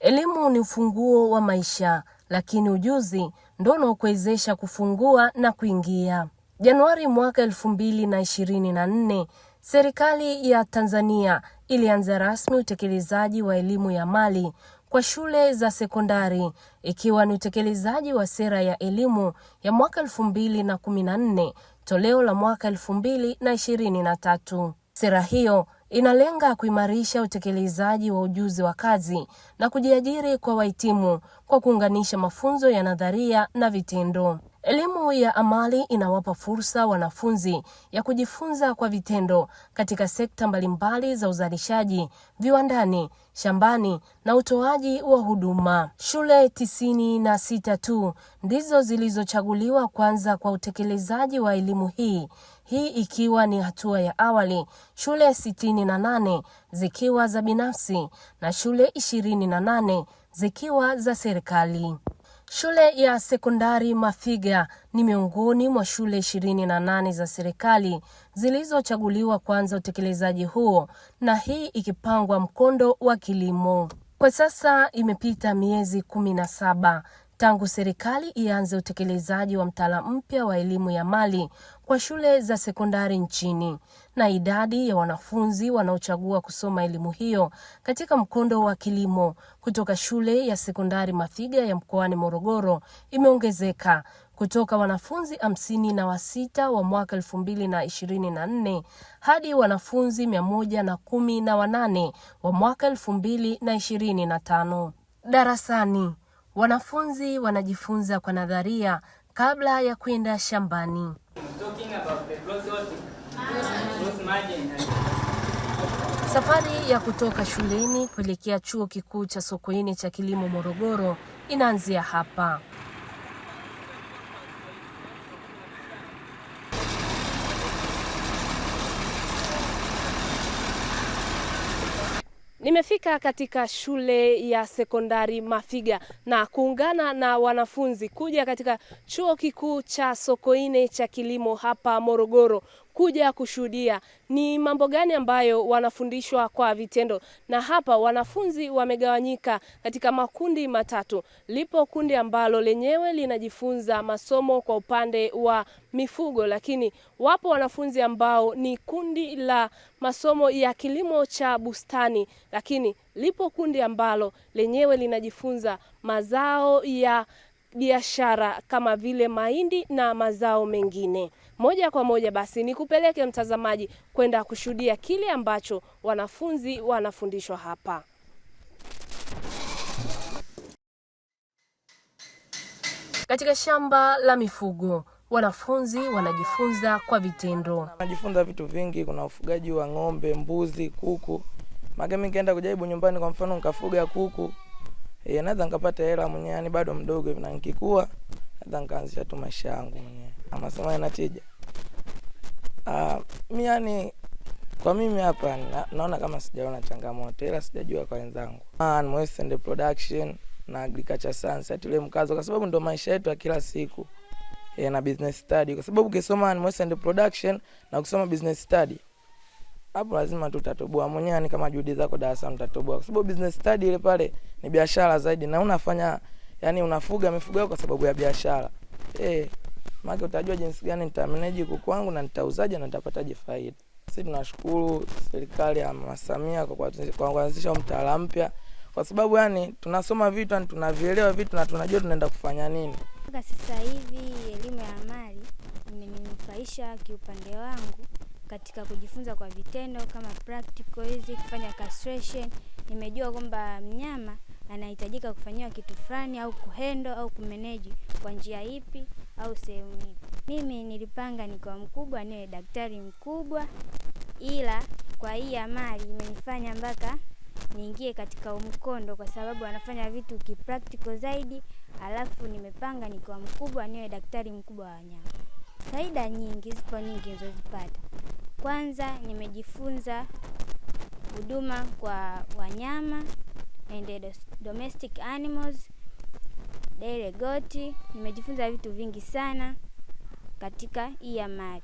Elimu ni ufunguo wa maisha, lakini ujuzi ndo unaokuwezesha kufungua na kuingia. Januari mwaka elfu mbili na ishirini na nne serikali ya Tanzania ilianza rasmi utekelezaji wa elimu ya mali kwa shule za sekondari ikiwa ni utekelezaji wa sera ya elimu ya mwaka elfu mbili na kumi na nne toleo la mwaka elfu mbili na ishirini na tatu. Sera hiyo inalenga kuimarisha utekelezaji wa ujuzi wa kazi na kujiajiri kwa wahitimu kwa kuunganisha mafunzo ya nadharia na vitendo. Elimu ya amali inawapa fursa wanafunzi ya kujifunza kwa vitendo katika sekta mbalimbali za uzalishaji, viwandani, shambani na utoaji wa huduma. Shule tisini na sita tu ndizo zilizochaguliwa kwanza kwa utekelezaji wa elimu hii, hii ikiwa ni hatua ya awali, shule sitini na nane zikiwa za binafsi na shule ishirini na nane zikiwa za serikali. Shule ya sekondari Mafiga ni miongoni mwa shule ishirini na nane za serikali zilizochaguliwa kuanza utekelezaji huo, na hii ikipangwa mkondo wa kilimo. Kwa sasa imepita miezi kumi na saba tangu serikali ianze utekelezaji wa mtaala mpya wa elimu ya mali kwa shule za sekondari nchini, na idadi ya wanafunzi wanaochagua kusoma elimu hiyo katika mkondo wa kilimo kutoka shule ya sekondari Mafiga ya mkoani Morogoro imeongezeka kutoka wanafunzi hamsini na wasita wa mwaka elfu mbili na ishirini na nne hadi wanafunzi mia moja na kumi na wanane wa mwaka elfu mbili na ishirini na tano. Darasani wanafunzi wanajifunza kwa nadharia kabla ya kwenda shambani. Safari ya kutoka shuleni kuelekea Chuo Kikuu cha Sokoine cha Kilimo Morogoro inaanzia hapa. Nimefika katika shule ya sekondari Mafiga na kuungana na wanafunzi kuja katika chuo kikuu cha Sokoine cha kilimo hapa Morogoro kuja kushuhudia ni mambo gani ambayo wanafundishwa kwa vitendo. Na hapa wanafunzi wamegawanyika katika makundi matatu. Lipo kundi ambalo lenyewe linajifunza masomo kwa upande wa mifugo, lakini wapo wanafunzi ambao ni kundi la masomo ya kilimo cha bustani, lakini lipo kundi ambalo lenyewe linajifunza mazao ya biashara kama vile mahindi na mazao mengine. Moja kwa moja basi nikupeleke mtazamaji kwenda kushuhudia kile ambacho wanafunzi wanafundishwa hapa. Katika shamba la mifugo wanafunzi wanajifunza kwa vitendo, wanajifunza vitu vingi. Kuna ufugaji wa ng'ombe, mbuzi, kuku. Maga mimi nikaenda kujaribu nyumbani, kwa mfano nkafuga kuku e, naweza nkapata hela mwenyewe, yani bado mdogo, hivi, na nkikua naweza nkaanzisha tu maisha yangu mwenyewe. Masomo yana tija. Uh, mi yani kwa mimi hapa na, naona kama sijaona changamoto ila sijajua kwa wenzangu. Ah, Man, Western Production na Agriculture Science atulie mkazo kwa sababu ndio maisha yetu ya kila siku. E, na business study kwa sababu ukisoma Western Production na kusoma business study hapo lazima tu utatoboa mwenyewe, ni kama juhudi zako darasa mtatoboa, kwa sababu business study ile pale ni biashara zaidi, na unafanya yani unafuga mifugo yako kwa sababu ya biashara eh maana utajua jinsi gani nitameneji kuku wangu na nitauzaje na nitapataje faida. Sisi tunashukuru serikali ya Mama Samia kwa kuanzisha mtaala mpya, kwa sababu yani tunasoma vitu yani tunavielewa vitu na tunajua tunaenda kufanya nini. Mpaka sasa hivi elimu ya amali imeninufaisha kiupande wangu katika kujifunza kwa vitendo kama practical hizi, kufanya castration. Nimejua kwamba mnyama anahitajika kufanyiwa kitu fulani au kuhendo au kumeneji kwa njia ipi au sehemu ipi. Mimi nilipanga kwa mkubwa niwe daktari mkubwa, ila kwa hii amali imenifanya mpaka niingie katika umkondo, kwa sababu anafanya vitu kipractical zaidi. Alafu nimepanga kwa mkubwa niwe daktari mkubwa wa wanyama. Faida nyingi, zipo nyingi nilizozipata. Kwanza nimejifunza huduma kwa wanyama and the domestic animals, dere goti. Nimejifunza vitu vingi sana katika hii ya mali.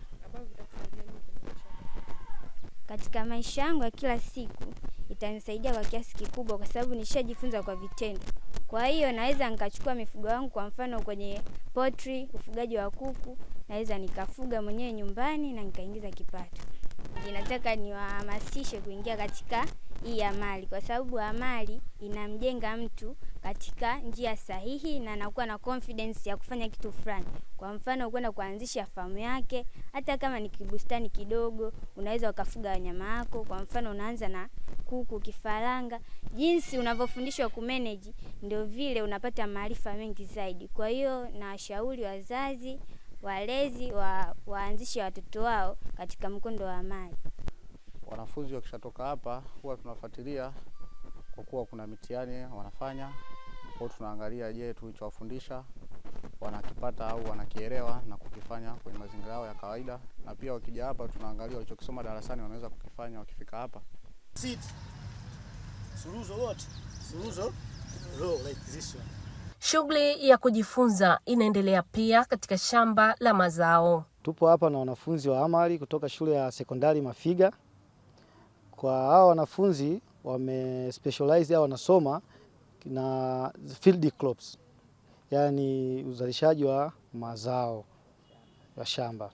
Katika maisha yangu ya kila siku itanisaidia kwa kiasi kikubwa, kwa sababu nishajifunza kwa vitendo. Kwa hiyo naweza nikachukua mifugo yangu, kwa mfano kwenye potri ufugaji wa kuku, naweza nikafuga mwenyewe nyumbani na nikaingiza kipato. inataka niwahamasishe kuingia katika hii amali, kwa sababu amali inamjenga mtu katika njia sahihi na anakuwa na confidence ya kufanya kitu fulani. Kwa mfano, kwenda kuanzisha famu yake, hata kama ni kibustani kidogo, unaweza ukafuga wanyama wako. Kwa mfano, unaanza na kuku, kifaranga. Jinsi unavyofundishwa kumanage, ndio vile unapata maarifa mengi zaidi. Kwa hiyo, nawashauri wazazi, walezi wa waanzishe watoto wao katika mkondo wa amali wanafunzi wakishatoka hapa huwa tunafuatilia kwa kuwa kuna mitihani wanafanya kwa tunaangalia je, tulichowafundisha wanakipata au wanakielewa na kukifanya kwenye mazingira yao ya kawaida, na pia wakija hapa tunaangalia walichokisoma darasani wanaweza kukifanya wakifika hapa. Shughuli ya kujifunza inaendelea pia katika shamba la mazao. Tupo hapa na wanafunzi wa amali kutoka shule ya sekondari Mafiga kwa hawa wanafunzi wame specialize au wanasoma na field crops, yani uzalishaji wa mazao ya shamba.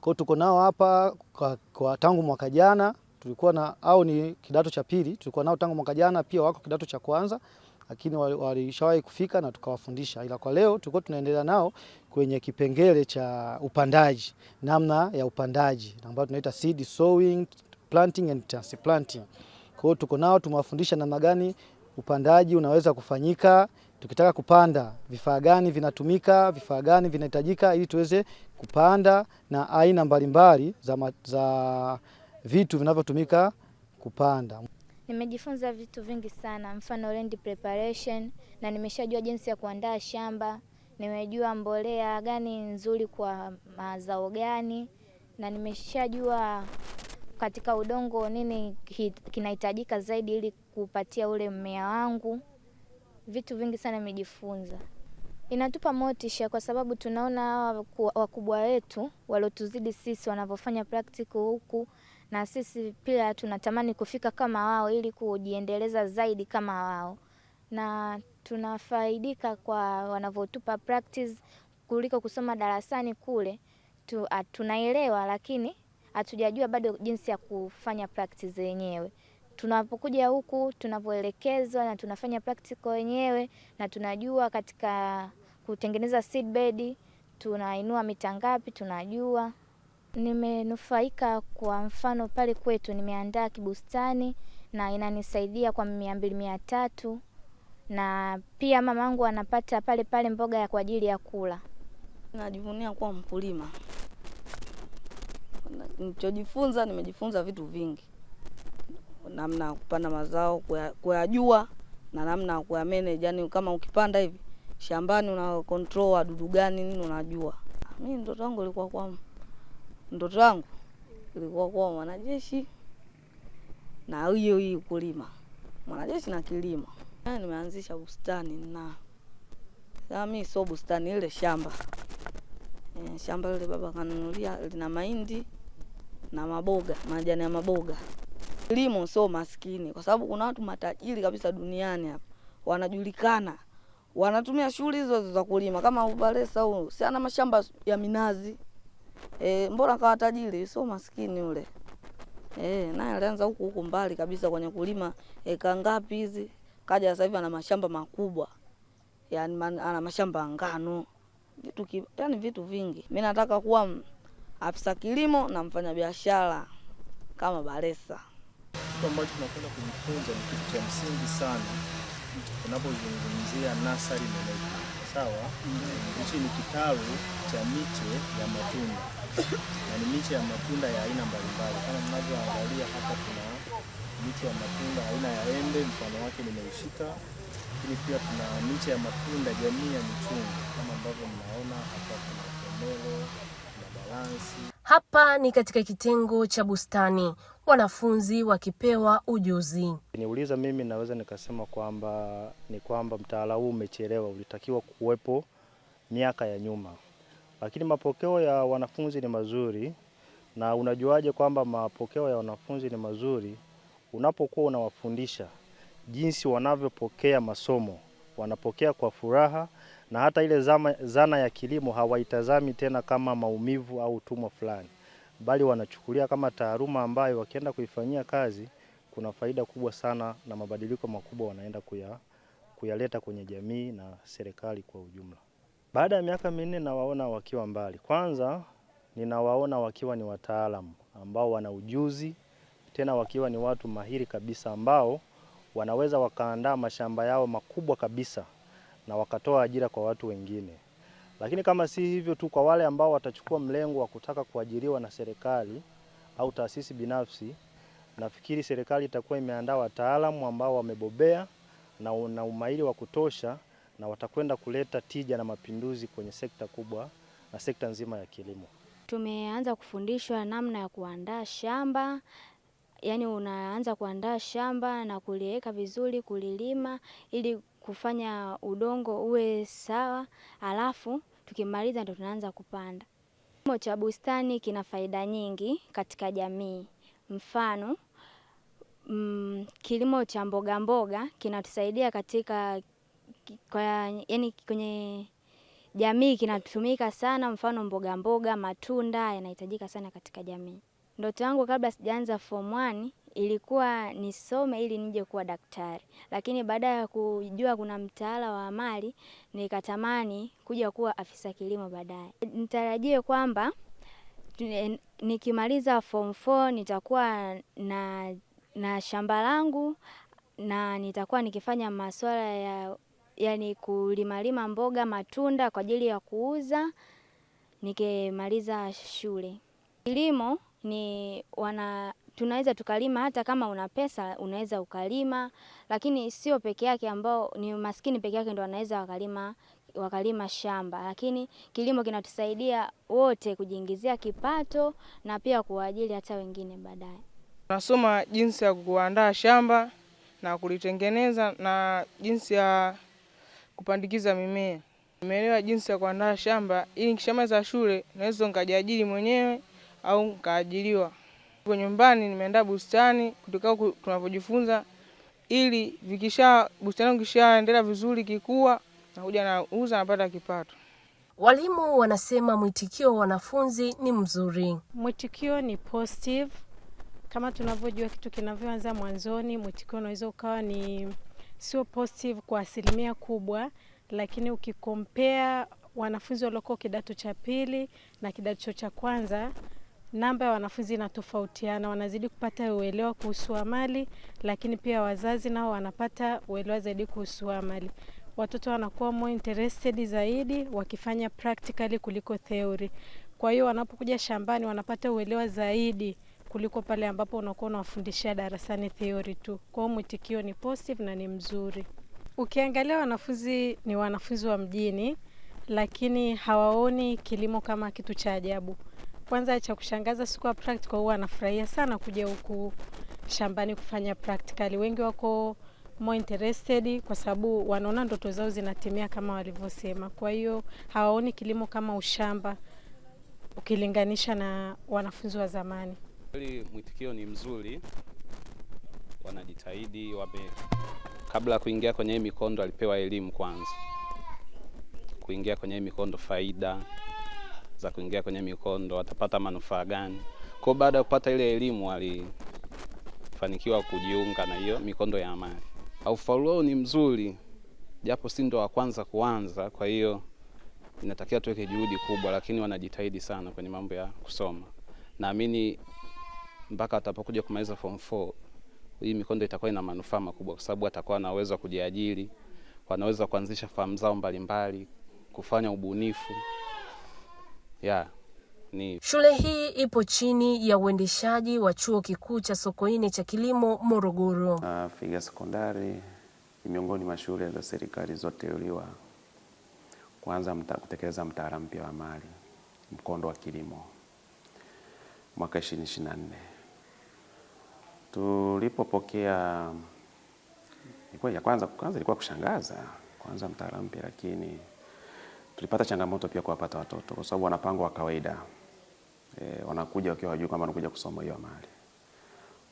Kwa tuko nao hapa kwa, kwa tangu mwaka jana tulikuwa na au ni kidato cha pili, tulikuwa nao tangu mwaka jana, pia wako kidato cha kwanza, lakini walishawahi kufika na tukawafundisha, ila kwa leo tulikuwa tunaendelea nao kwenye kipengele cha upandaji, namna ya upandaji ambayo tunaita seed sowing, planting and transplanting. Kwa hiyo tuko nao, tumewafundisha namna gani upandaji unaweza kufanyika, tukitaka kupanda vifaa gani vinatumika, vifaa gani vinahitajika ili tuweze kupanda na aina mbalimbali za, ma, za vitu vinavyotumika kupanda. Nimejifunza vitu vingi sana, mfano land preparation, na nimeshajua jinsi ya kuandaa shamba. Nimejua mbolea gani nzuri kwa mazao gani, na nimeshajua katika udongo nini kinahitajika zaidi ili kupatia ule mmea wangu. Vitu vingi sana nimejifunza, inatupa motisha kwa sababu tunaona hawa wakubwa wetu waliotuzidi sisi wanavyofanya practical huku, na sisi pia tunatamani kufika kama wao ili kujiendeleza zaidi kama wao, na tunafaidika kwa wanavyotupa practice kuliko kusoma darasani kule tu, tunaelewa lakini hatujajua bado jinsi ya kufanya practice yenyewe. Tunapokuja huku tunavyoelekezwa na tunafanya practical wenyewe, na tunajua katika kutengeneza seedbed tunainua mita ngapi, tunajua. Nimenufaika kwa mfano pale kwetu nimeandaa kibustani na inanisaidia kwa mia mbili mia tatu na pia mamangu anapata pale pale mboga ya kwa ajili ya kula. Najivunia kuwa mkulima nilichojifunza, nimejifunza vitu vingi, namna ya kupanda mazao, kuyajua na namna ya kuyamanage. Yani kama ukipanda hivi shambani, una control wadudu gani nini, unajua. Mi ndoto yangu ilikuwa kuwa ndoto yangu ilikuwa kuwa mwanajeshi na hiyo hii kulima, mwanajeshi na kilimo. Yaani nimeanzisha bustani na sasa, mi sio bustani, ile shamba eh, shamba lile baba kanunulia lina mahindi na maboga, majani ya maboga. Kilimo sio maskini, kwa sababu kuna watu matajiri kabisa duniani hapa wanajulikana, wanatumia shughuli hizo za kulima. Kama Ubalesa huyu, si ana mashamba ya minazi e, mbona kawa tajiri? Sio maskini yule e, naye alianza huku huku mbali kabisa kwenye kulima eka ngapi hizi, kaja sasa hivi ana mashamba makubwa, yani ana mashamba ngano, vitu yani vitu vingi. Mimi nataka kuwa afisa kilimo na mfanyabiashara kama baresa Kitu ambacho tunakwenda kujifunza ni kitu cha msingi sana unapozungumzia nasari meleki, sawa. Hichi ni kitalu cha miche ya matunda na ni miche ya matunda ya aina mbalimbali, kama mnavyoangalia hapa, kuna miche ya matunda aina ya embe, mfano wake nimeushika, lakini pia kuna miche ya matunda jamii ya michungwa kama ambavyo mnaona hapa, kuna pomelo hapa ni katika kitengo cha bustani, wanafunzi wakipewa ujuzi. Niuliza mimi naweza nikasema kwamba ni kwamba mtaala huu umechelewa, ulitakiwa kuwepo miaka ya nyuma, lakini mapokeo ya wanafunzi ni mazuri. Na unajuaje kwamba mapokeo ya wanafunzi ni mazuri? Unapokuwa unawafundisha jinsi wanavyopokea masomo, wanapokea kwa furaha na hata ile zama, zana ya kilimo hawaitazami tena kama maumivu au utumwa fulani, bali wanachukulia kama taaluma ambayo wakienda kuifanyia kazi kuna faida kubwa sana na mabadiliko makubwa wanaenda kuya, kuyaleta kwenye jamii na serikali kwa ujumla. Baada ya miaka minne nawaona wakiwa mbali. Kwanza ninawaona wakiwa ni wataalamu ambao wana ujuzi tena wakiwa ni watu mahiri kabisa ambao wanaweza wakaandaa mashamba yao makubwa kabisa na wakatoa ajira kwa watu wengine. Lakini kama si hivyo tu, kwa wale ambao watachukua mlengo wa kutaka kuajiriwa na serikali au taasisi binafsi, nafikiri serikali itakuwa imeandaa wataalamu ambao wamebobea na na umahiri wa kutosha na watakwenda kuleta tija na mapinduzi kwenye sekta kubwa na sekta nzima ya kilimo. Tumeanza kufundishwa namna ya kuandaa shamba, yaani unaanza kuandaa shamba na kuliweka vizuri, kulilima ili kufanya udongo uwe sawa, alafu tukimaliza ndo tunaanza kupanda. Kilimo cha bustani kina faida nyingi katika jamii. Mfano mm, kilimo cha mboga mboga kinatusaidia katika kwa, yani kwenye jamii kinatumika sana. Mfano mboga mboga, matunda yanahitajika sana katika jamii. Ndoto yangu kabla sijaanza form ilikuwa nisome ili nije kuwa daktari, lakini baada ya kujua kuna mtaala wa amali nikatamani kuja kuwa afisa kilimo baadaye. Nitarajie kwamba eh, nikimaliza form 4 nitakuwa na, na shamba langu na nitakuwa nikifanya masuala ya yani kulimalima mboga, matunda kwa ajili ya kuuza nikimaliza shule. Kilimo ni wana tunaweza tukalima, hata kama una pesa unaweza ukalima, lakini sio peke yake ambao ni maskini peke yake ndo wanaweza wakalima wakalima shamba, lakini kilimo kinatusaidia wote kujiingizia kipato na pia kuwaajiri hata wengine baadaye. Tunasoma jinsi ya kuandaa shamba na kulitengeneza na jinsi ya kupandikiza mimea. Nimeelewa jinsi ya kuandaa shamba ili nikishamaliza shule naweza nikajiajiri mwenyewe au nikaajiriwa. Kwa nyumbani nimeenda bustani kutoka tunavyojifunza, ili vikisha bustani kishaendelea vizuri, kikua nakuja nauza, napata kipato. Walimu wanasema mwitikio wa wanafunzi ni mzuri. Mwitikio ni positive, kama tunavyojua kitu kinavyoanza mwanzoni, mwitikio unaweza ukawa ni sio positive kwa asilimia kubwa, lakini ukikompea wanafunzi walioko kidato cha pili na kidato cha kwanza namba ya wanafunzi inatofautiana, wanazidi kupata uelewa kuhusu amali, lakini pia wazazi nao wanapata uelewa zaidi kuhusu amali. Watoto wanakuwa more interested zaidi wakifanya practically kuliko theory. Kwa hiyo wanapokuja shambani wanapata uelewa zaidi kuliko pale ambapo unakuwa unawafundishia darasani theory tu. Kwa hiyo mwitikio ni positive na ni mzuri. Ukiangalia wanafunzi ni wanafunzi wa mjini, lakini hawaoni kilimo kama kitu cha ajabu. Kwanza cha kushangaza siku ya practical huwa anafurahia sana kuja huku shambani kufanya practical. Wengi wako more interested kwa sababu wanaona ndoto zao zinatimia kama walivyosema. Kwa hiyo hawaoni kilimo kama ushamba ukilinganisha na wanafunzi wa zamani. Kweli mwitikio ni mzuri, wanajitahidi wame, kabla ya kuingia kwenye hii mikondo alipewa elimu kwanza, kuingia kwenye hii mikondo faida za kuingia kwenye mikondo, watapata manufaa gani. Kwa baada ya kupata ile elimu alifanikiwa kujiunga na hiyo mikondo ya amali. Ufaulu wao ni mzuri, japo si ndo wa kwanza kuanza, kwa hiyo inatakiwa tuweke juhudi kubwa, lakini wanajitahidi sana kwenye mambo ya kusoma. Naamini mpaka watapokuja kumaliza form 4 hii mikondo itakuwa ina manufaa makubwa, kwa sababu atakuwa na uwezo wa kujiajiri, wanaweza kuanzisha fahamu zao mbalimbali, kufanya ubunifu yeah. Ni. Shule hii ipo chini ya uendeshaji wa Chuo Kikuu cha Sokoine cha Kilimo Morogoro. Uh, Figa Sekondari ni miongoni mwa shule za serikali zilizoteuliwa kuanza mta, kutekeleza mtaala mpya wa mali mkondo wa kilimo mwaka 2024. Tulipopokea ya kwanza kwanza ilikuwa kushangaza kwanza mtaala mpya lakini tulipata changamoto pia kuwapata watoto kwa sababu wanapangwa wa kawaida e, wanakuja wakiwa hawajui kwamba wanakuja kusoma hiyo amali.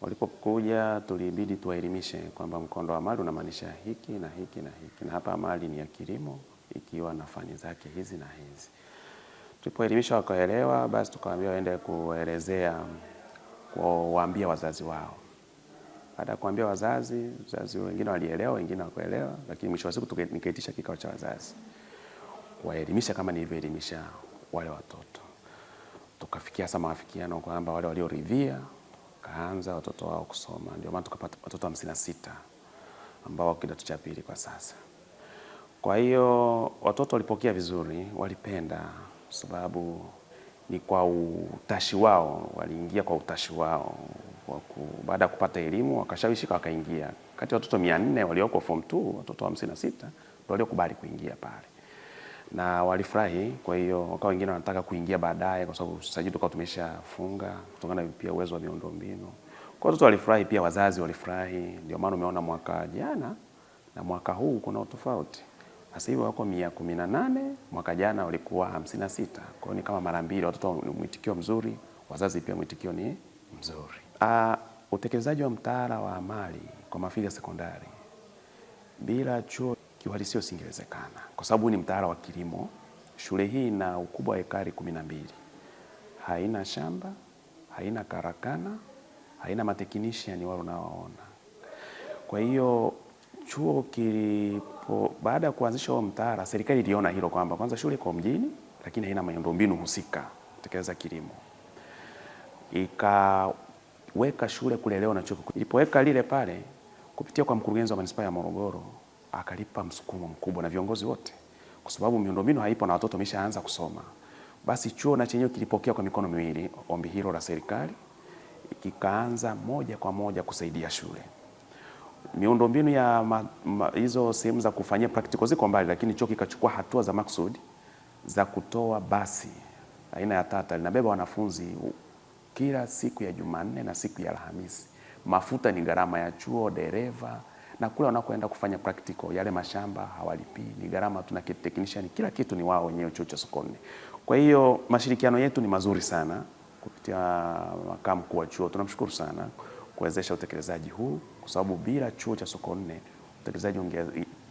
Walipokuja tulibidi tuwaelimishe kwamba mkondo wa amali unamaanisha hiki na hiki na hiki, na hapa amali ni ya kilimo ikiwa na fani zake hizi na hizi. Tulipoelimisha wakaelewa, basi tukawaambia waende kuelezea, kuwaambia wazazi wao. Baada ya kuambia wazazi, wazazi wengine walielewa, wengine hawakuelewa, lakini mwisho wa siku nikaitisha kikao cha wazazi kuwaelimisha kama nilivyoelimisha wale watoto. Tukafikia sasa maafikiano kwamba wale walioridhia kaanza watoto wao kusoma, ndio maana tukapata watoto hamsini na sita ambao wako kidato cha pili kwa sasa. Kwa hiyo watoto walipokea vizuri, walipenda sababu ni kwa utashi wao, waliingia kwa utashi wao waku, baada ya kupata elimu wakashawishika wakaingia. Kati ya watoto mia nne walioko form 2 watoto hamsini na sita ndio waliokubali kuingia pale na walifurahi. Kwa hiyo wakawa wengine wanataka kuingia baadaye, kwa sababu sajili tulikuwa tumeshafunga kutokana na pia uwezo wa miundombinu. Kwa watoto walifurahi, pia wazazi walifurahi. Ndio maana umeona mwaka jana na mwaka huu kuna utofauti. Sasa hivi wako mia kumi na nane, mwaka jana walikuwa hamsini na sita. Kwa hiyo ni kama mara mbili. Watoto mwitikio mzuri, wazazi pia mwitikio ni mzuri. Ah, utekelezaji wa mtaala wa amali kwa mafiga sekondari bila chuo kiuhalisia usingewezekana, kwa sababu ni mtaala wa kilimo. Shule hii ina ukubwa wa ekari kumi na mbili, haina shamba, haina karakana, haina ni wale unaoona. Kwa hiyo chuo kilipo, baada ya kuanzisha huo mtaala, serikali iliona hilo kwamba kwanza shule iko kwa mjini, lakini haina miundombinu husika kutekeleza kilimo, ikaweka shule leo na chuo Ilipoweka lile pale kupitia kwa mkurugenzi wa manispaa ya Morogoro akalipa msukumo mkubwa na viongozi wote, kwa sababu miundombinu haipo na watoto wameshaanza kusoma. Basi chuo na chenyewe kilipokea kwa mikono miwili ombi hilo la serikali, kikaanza moja kwa moja kusaidia shule. Miundombinu ya hizo sehemu za kufanyia practical ziko mbali, lakini chuo kikachukua hatua za maksudi za kutoa basi aina ya Tata linabeba wanafunzi kila siku ya Jumanne na siku ya Alhamisi. Mafuta ni gharama ya chuo, dereva na kule wanakoenda kufanya practical, yale mashamba hawalipii, ni gharama tuna technician, kila kitu ni wao wenyewe, chuo cha Sokoine. Kwa hiyo mashirikiano yetu ni mazuri sana kupitia makamu mkuu wa chuo, tunamshukuru sana kuwezesha utekelezaji huu, kwa sababu bila chuo cha Sokoine utekelezaji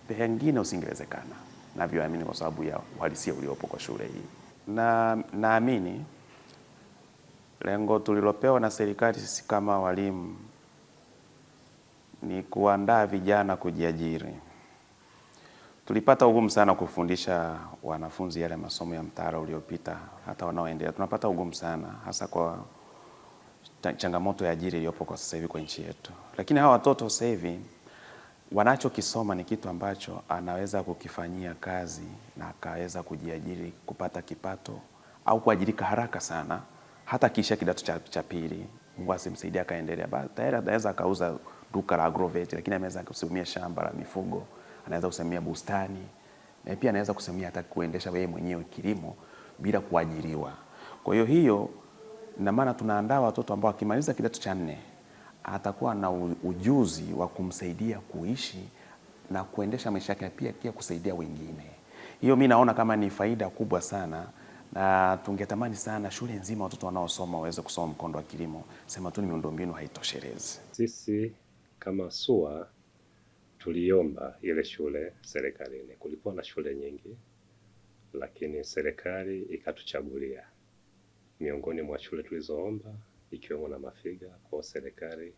pengine usingewezekana, navyoamini kwa sababu ya uhalisia uliopo kwa shule hii, na naamini lengo tulilopewa na serikali sisi kama walimu ni kuandaa vijana kujiajiri. Tulipata ugumu sana kufundisha wanafunzi yale masomo ya mtaala uliopita, hata wanaoendelea tunapata ugumu sana, hasa kwa changamoto ya ajira iliyopo kwa sasa hivi kwa nchi yetu. Lakini hawa watoto sasa hivi wanachokisoma ni kitu ambacho anaweza kukifanyia kazi na akaweza kujiajiri, kupata kipato au kuajirika haraka sana, hata kisha kidato cha pili, Mungu asimsaidie akaendelea, tayari anaweza akauza duka la agrovet, lakini ameweza kusimamia shamba la mifugo, anaweza kusimamia bustani na pia anaweza kusimamia hata kuendesha yeye mwenyewe kilimo bila kuajiriwa. Kwa hiyo hiyo ina maana tunaandaa watoto ambao akimaliza kidato cha nne atakuwa na ujuzi wa kumsaidia kuishi na kuendesha maisha yake, pia pia kusaidia wengine. Hiyo mi naona kama ni faida kubwa sana, na tungetamani sana shule nzima watoto wanaosoma waweze kusoma mkondo wa kilimo. Sema tu ni miundombinu haitoshelezi. Sisi kama SUA tuliomba ile shule serikalini. Kulikuwa na shule nyingi, lakini serikali ikatuchagulia miongoni mwa shule tulizoomba ikiwemo na Mafiga. Kwa serikali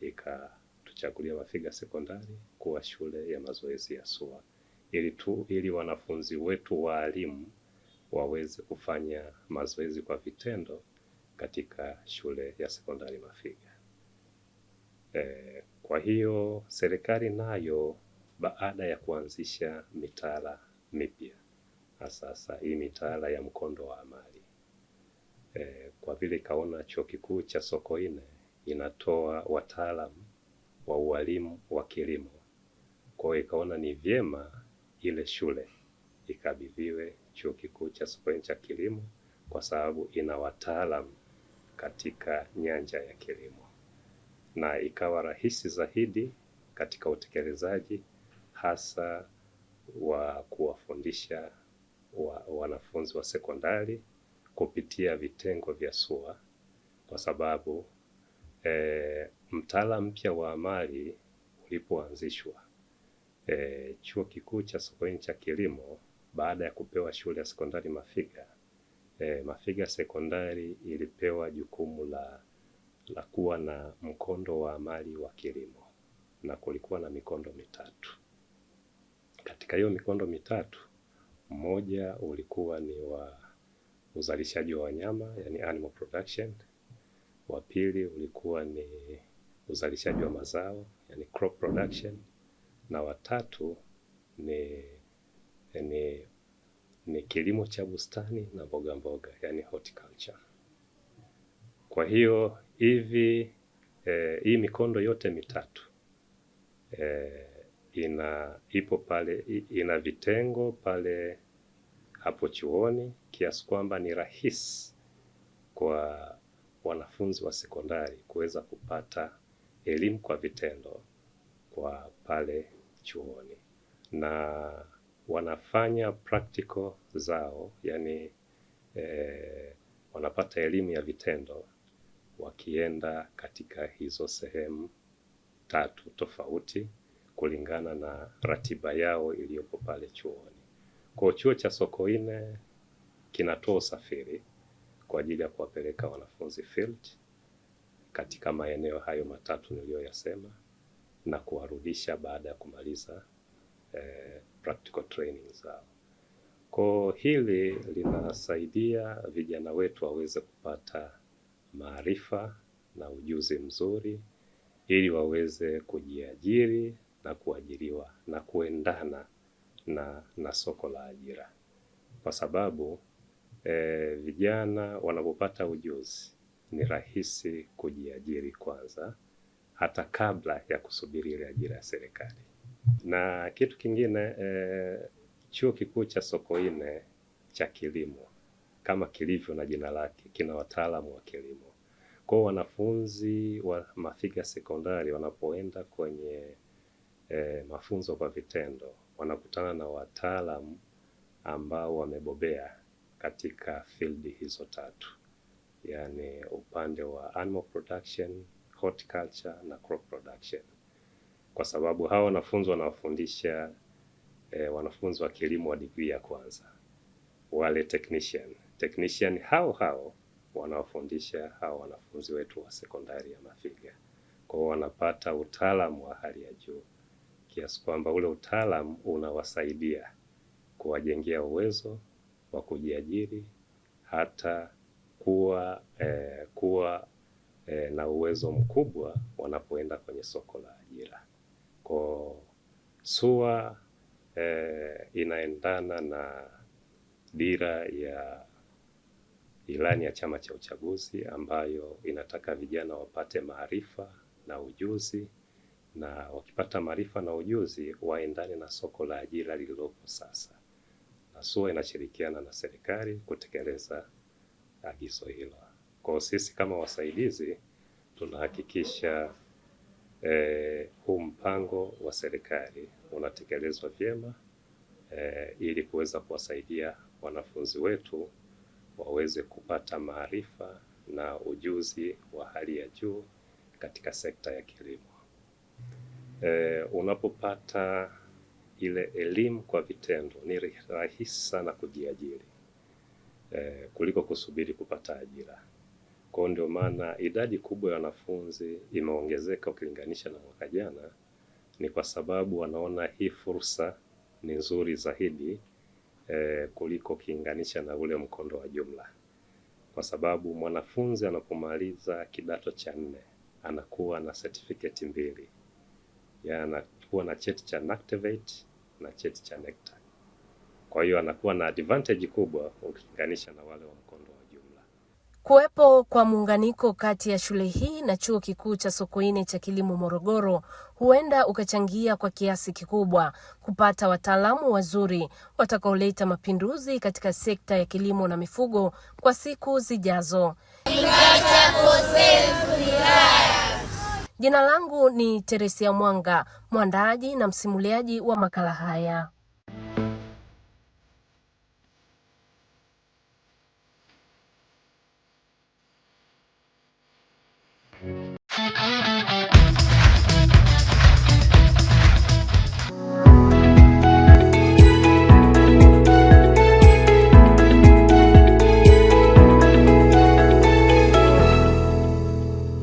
ikatuchagulia Mafiga Sekondari kuwa shule ya mazoezi ya SUA ili tu ili wanafunzi wetu waalimu waweze kufanya mazoezi kwa vitendo katika shule ya sekondari Mafiga. Eh, kwa hiyo serikali nayo baada ya kuanzisha mitaala mipya sasa hii mitaala ya mkondo wa amali e, kwa vile ikaona chuo kikuu cha Sokoine inatoa wataalamu wa ualimu wa kilimo, kwa hiyo ikaona ni vyema ile shule ikabidhiwe chuo kikuu cha Sokoine cha kilimo, kwa sababu ina wataalamu katika nyanja ya kilimo na ikawa rahisi zaidi katika utekelezaji hasa wa kuwafundisha wa, wanafunzi wa sekondari kupitia vitengo vya SUA kwa sababu e, mtaala mpya wa amali ulipoanzishwa e, Chuo Kikuu cha Sokoine cha Kilimo baada ya kupewa shule ya sekondari Mafiga e, Mafiga sekondari ilipewa jukumu la la kuwa na mkondo wa amali wa kilimo, na kulikuwa na mikondo mitatu. Katika hiyo mikondo mitatu, mmoja ulikuwa ni wa uzalishaji wa wanyama, yani animal production. Wa pili ulikuwa ni uzalishaji wa mazao, yani crop production, na watatu ni, ni, ni kilimo cha bustani na mboga mboga, yani horticulture. Kwa hiyo hivi eh, hii mikondo yote mitatu eh, ina ipo pale, ina vitengo pale hapo chuoni kiasi kwamba ni rahisi kwa wanafunzi wa sekondari kuweza kupata elimu kwa vitendo kwa pale chuoni, na wanafanya practical zao, yani eh, wanapata elimu ya vitendo wakienda katika hizo sehemu tatu tofauti kulingana na ratiba yao iliyopo pale chuoni. Kwa chuo cha Sokoine kinatoa usafiri kwa ajili ya kuwapeleka wanafunzi field katika maeneo hayo matatu niliyoyasema na kuwarudisha baada ya kumaliza eh, practical training zao. Kwa hili linasaidia vijana wetu waweze kupata maarifa na ujuzi mzuri ili waweze kujiajiri na kuajiriwa na kuendana na, na soko la ajira, kwa sababu e, vijana wanapopata ujuzi ni rahisi kujiajiri kwanza hata kabla ya kusubiri ile ajira ya serikali. Na kitu kingine e, chuo kikuu cha Sokoine cha kilimo kama kilivyo na jina lake, kina wataalamu wa kilimo. Kwa wanafunzi wa Mafiga sekondari wanapoenda kwenye e, mafunzo kwa vitendo wanakutana na wataalamu ambao wamebobea katika field hizo tatu, yaani upande wa animal production, horticulture na crop production, kwa sababu hawa wanafunzi wanawafundisha e, wanafunzi wa kilimo wa digrii ya kwanza wale technician technician hao hao wanaofundisha hao wanafunzi wetu wa sekondari ya Mafiga. Kwa hiyo wanapata utaalamu wa hali ya juu kiasi kwamba ule utaalamu unawasaidia kuwajengea uwezo wa kujiajiri hata kuwa eh, kuwa eh, na uwezo mkubwa wanapoenda kwenye soko la ajira. Kwa SUA eh, inaendana na dira ya ilani ya Chama cha Uchaguzi ambayo inataka vijana wapate maarifa na ujuzi, na wakipata maarifa na ujuzi waendane na soko la ajira lililopo sasa. NASUA inashirikiana na serikali kutekeleza agizo hilo. Kwa sisi kama wasaidizi tunahakikisha eh, huu mpango wa serikali unatekelezwa vyema eh, ili kuweza kuwasaidia wanafunzi wetu waweze kupata maarifa na ujuzi wa hali ya juu katika sekta ya kilimo. E, unapopata ile elimu kwa vitendo ni rahisi sana kujiajiri e, kuliko kusubiri kupata ajira. Kwa hiyo ndio maana idadi kubwa ya wanafunzi imeongezeka ukilinganisha na mwaka jana, ni kwa sababu wanaona hii fursa ni nzuri zaidi eh, kuliko ukiinganisha na ule mkondo wa jumla, kwa sababu mwanafunzi anapomaliza kidato cha nne anakuwa na certificate mbili, ya anakuwa na cheti cha NACTVET na cheti cha NECTA. Kwa hiyo anakuwa na advantage kubwa ukilinganisha na wale wa Kuwepo kwa muunganiko kati ya shule hii na Chuo Kikuu cha Sokoine cha Kilimo Morogoro huenda ukachangia kwa kiasi kikubwa kupata wataalamu wazuri watakaoleta mapinduzi katika sekta ya kilimo na mifugo kwa siku zijazo. Jina langu ni Teresia Mwanga, mwandaaji na msimuliaji wa makala haya. Thank you.